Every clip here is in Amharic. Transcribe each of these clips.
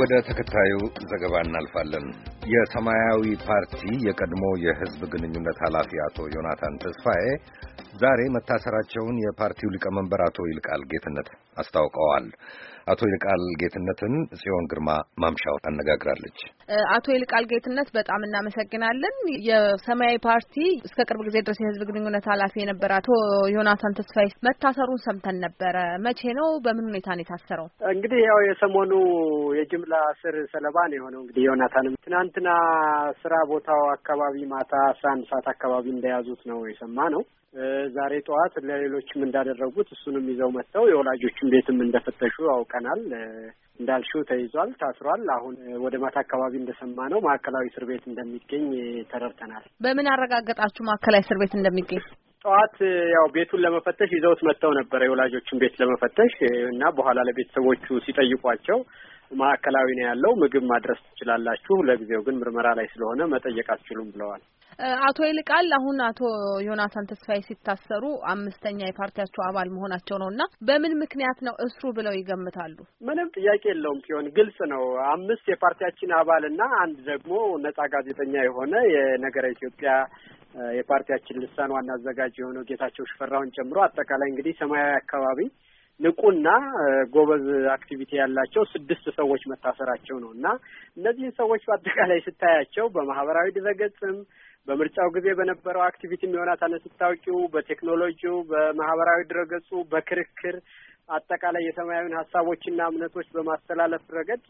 ወደ ተከታዩ ዘገባ እናልፋለን። የሰማያዊ ፓርቲ የቀድሞ የሕዝብ ግንኙነት ኃላፊ አቶ ዮናታን ተስፋዬ ዛሬ መታሰራቸውን የፓርቲው ሊቀመንበር አቶ ይልቃል ጌትነት አስታውቀዋል። አቶ ይልቃል ጌትነትን ጽዮን ግርማ ማምሻው አነጋግራለች። አቶ ይልቃል ጌትነት በጣም እናመሰግናለን። የሰማያዊ ፓርቲ እስከ ቅርብ ጊዜ ድረስ የህዝብ ግንኙነት ኃላፊ የነበረ አቶ ዮናታን ተስፋዬ መታሰሩን ሰምተን ነበረ። መቼ ነው? በምን ሁኔታ ነው የታሰረው? እንግዲህ ያው የሰሞኑ የጅምላ እስር ሰለባ ነው የሆነው እንግዲህ ዮናታንም ትናንት ትናንትና ስራ ቦታው አካባቢ ማታ አስራ አንድ ሰዓት አካባቢ እንደያዙት ነው የሰማ ነው። ዛሬ ጠዋት ለሌሎችም እንዳደረጉት እሱንም ይዘው መጥተው የወላጆችን ቤትም እንደፈተሹ አውቀናል። እንዳልሽው ተይዟል፣ ታስሯል። አሁን ወደ ማታ አካባቢ እንደሰማ ነው ማዕከላዊ እስር ቤት እንደሚገኝ ተረድተናል። በምን አረጋገጣችሁ ማዕከላዊ እስር ቤት እንደሚገኝ? ጠዋት ያው ቤቱን ለመፈተሽ ይዘውት መጥተው ነበረ የወላጆችን ቤት ለመፈተሽ እና በኋላ ለቤተሰቦቹ ሲጠይቋቸው ማዕከላዊ ነው ያለው። ምግብ ማድረስ ትችላላችሁ፣ ለጊዜው ግን ምርመራ ላይ ስለሆነ መጠየቅ አትችሉም ብለዋል። አቶ ይልቃል አሁን አቶ ዮናታን ተስፋዬ ሲታሰሩ አምስተኛ የፓርቲያቸው አባል መሆናቸው ነው እና በምን ምክንያት ነው እስሩ ብለው ይገምታሉ? ምንም ጥያቄ የለውም ሲሆን ግልጽ ነው። አምስት የፓርቲያችን አባል እና አንድ ደግሞ ነጻ ጋዜጠኛ የሆነ የነገረ ኢትዮጵያ የፓርቲያችን ልሳን ዋና አዘጋጅ የሆነው ጌታቸው ሽፈራውን ጨምሮ አጠቃላይ እንግዲህ ሰማያዊ አካባቢ ንቁና ጎበዝ አክቲቪቲ ያላቸው ስድስት ሰዎች መታሰራቸው ነው እና እነዚህን ሰዎች በአጠቃላይ ስታያቸው በማህበራዊ ድረገጽም በምርጫው ጊዜ በነበረው አክቲቪቲም የሆናት አነ ስታውቂው በቴክኖሎጂው፣ በማህበራዊ ድረገጹ፣ በክርክር አጠቃላይ የሰማያዊን ሀሳቦችና እምነቶች በማስተላለፍ ረገድ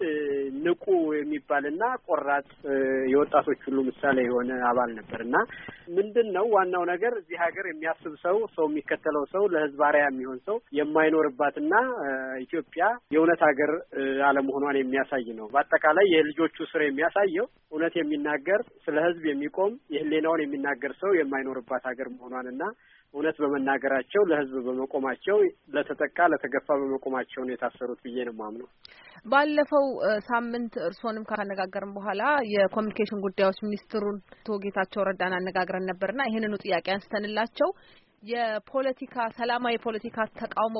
ንቁ የሚባልና ቆራጥ የወጣቶች ሁሉ ምሳሌ የሆነ አባል ነበር እና ምንድን ነው ዋናው ነገር እዚህ ሀገር የሚያስብ ሰው ሰው የሚከተለው ሰው ለህዝብ አርአያ የሚሆን ሰው የማይኖርባትና ኢትዮጵያ የእውነት ሀገር አለመሆኗን የሚያሳይ ነው። በአጠቃላይ የልጆቹ ስር የሚያሳየው እውነት የሚናገር ስለ ህዝብ የሚቆም የህሌናውን የሚናገር ሰው የማይኖርባት ሀገር መሆኗንና እውነት በመናገራቸው ለህዝብ በመቆማቸው ለተጠቃ ለተገፋ በመቆማቸው ነው የታሰሩት ብዬ ነው የማምነው። ባለፈው ሳምንት እርስዎንም ካነጋገርን በኋላ የኮሚኒኬሽን ጉዳዮች ሚኒስትሩን አቶ ጌታቸው ረዳን አነጋግረን ነበርና ይህንኑ ጥያቄ አንስተንላቸው የፖለቲካ ሰላማዊ የፖለቲካ ተቃውሞ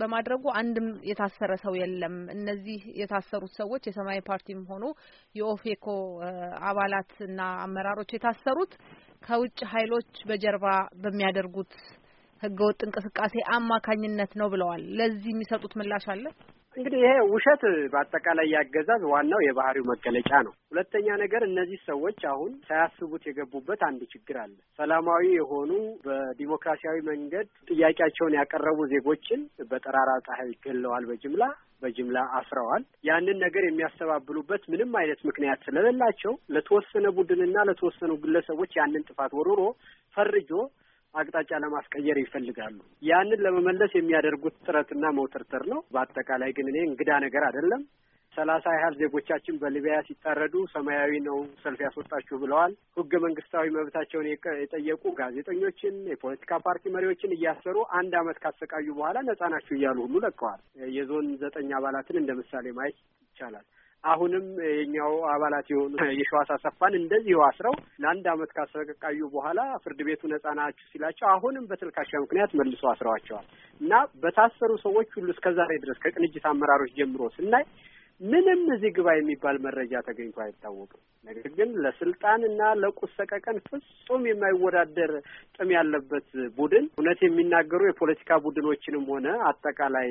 በማድረጉ አንድም የታሰረ ሰው የለም። እነዚህ የታሰሩት ሰዎች የሰማያዊ ፓርቲም ሆኑ የኦፌኮ እና አመራሮች የታሰሩት ከውጭ ኃይሎች በጀርባ በሚያደርጉት ህገወጥ እንቅስቃሴ አማካኝነት ነው ብለዋል። ለዚህ የሚሰጡት ምላሽ አለ? እንግዲህ ይሄ ውሸት በአጠቃላይ ያገዛዝ ዋናው የባህሪው መገለጫ ነው። ሁለተኛ ነገር እነዚህ ሰዎች አሁን ሳያስቡት የገቡበት አንድ ችግር አለ። ሰላማዊ የሆኑ በዲሞክራሲያዊ መንገድ ጥያቄያቸውን ያቀረቡ ዜጎችን በጠራራ ፀሐይ ገለዋል፣ በጅምላ በጅምላ አስረዋል። ያንን ነገር የሚያስተባብሉበት ምንም አይነት ምክንያት ስለሌላቸው ለተወሰነ ቡድንና ለተወሰኑ ግለሰቦች ያንን ጥፋት ወርሮ ፈርጆ አቅጣጫ ለማስቀየር ይፈልጋሉ። ያንን ለመመለስ የሚያደርጉት ጥረትና መውተርተር ነው። በአጠቃላይ ግን እኔ እንግዳ ነገር አይደለም። ሰላሳ ያህል ዜጎቻችን በሊቢያ ሲጣረዱ ሰማያዊ ነው ሰልፍ ያስወጣችሁ ብለዋል። ህገ መንግስታዊ መብታቸውን የጠየቁ ጋዜጠኞችን፣ የፖለቲካ ፓርቲ መሪዎችን እያሰሩ አንድ አመት ካሰቃዩ በኋላ ነጻ ናችሁ እያሉ ሁሉ ለቀዋል። የዞን ዘጠኝ አባላትን እንደ ምሳሌ ማየት ይቻላል። አሁንም የኛው አባላት የሆኑ የሸዋስ አሰፋን እንደዚሁ አስረው ለአንድ አመት ካሰቃዩ በኋላ ፍርድ ቤቱ ነጻ ናችሁ ሲላቸው አሁንም በትልካሻ ምክንያት መልሶ አስረዋቸዋል እና በታሰሩ ሰዎች ሁሉ እስከዛሬ ድረስ ከቅንጅት አመራሮች ጀምሮ ስናይ ምንም እዚህ ግባ የሚባል መረጃ ተገኝቶ አይታወቅም። ነገር ግን ለስልጣን እና ለቁስ ሰቀቀን ፍጹም የማይወዳደር ጥም ያለበት ቡድን እውነት የሚናገሩ የፖለቲካ ቡድኖችንም ሆነ አጠቃላይ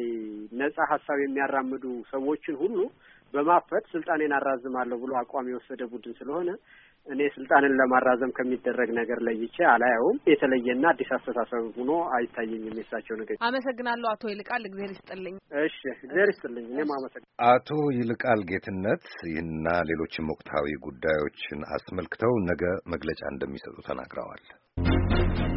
ነጻ ሀሳብ የሚያራምዱ ሰዎችን ሁሉ በማፈት ስልጣኔን አራዝማለሁ ብሎ አቋም የወሰደ ቡድን ስለሆነ እኔ ስልጣንን ለማራዘም ከሚደረግ ነገር ለይቼ አላየውም። የተለየና አዲስ አስተሳሰብ ሆኖ አይታየኝም የሳቸው ነገር። አመሰግናለሁ አቶ ይልቃል፣ እግዜር ይስጥልኝ። እሺ እግዜር ይስጥልኝ። እኔም አመሰግናለሁ አቶ ይልቃል ጌትነት። ይህና ሌሎችም ወቅታዊ ጉዳዮችን አስመልክተው ነገ መግለጫ እንደሚሰጡ ተናግረዋል።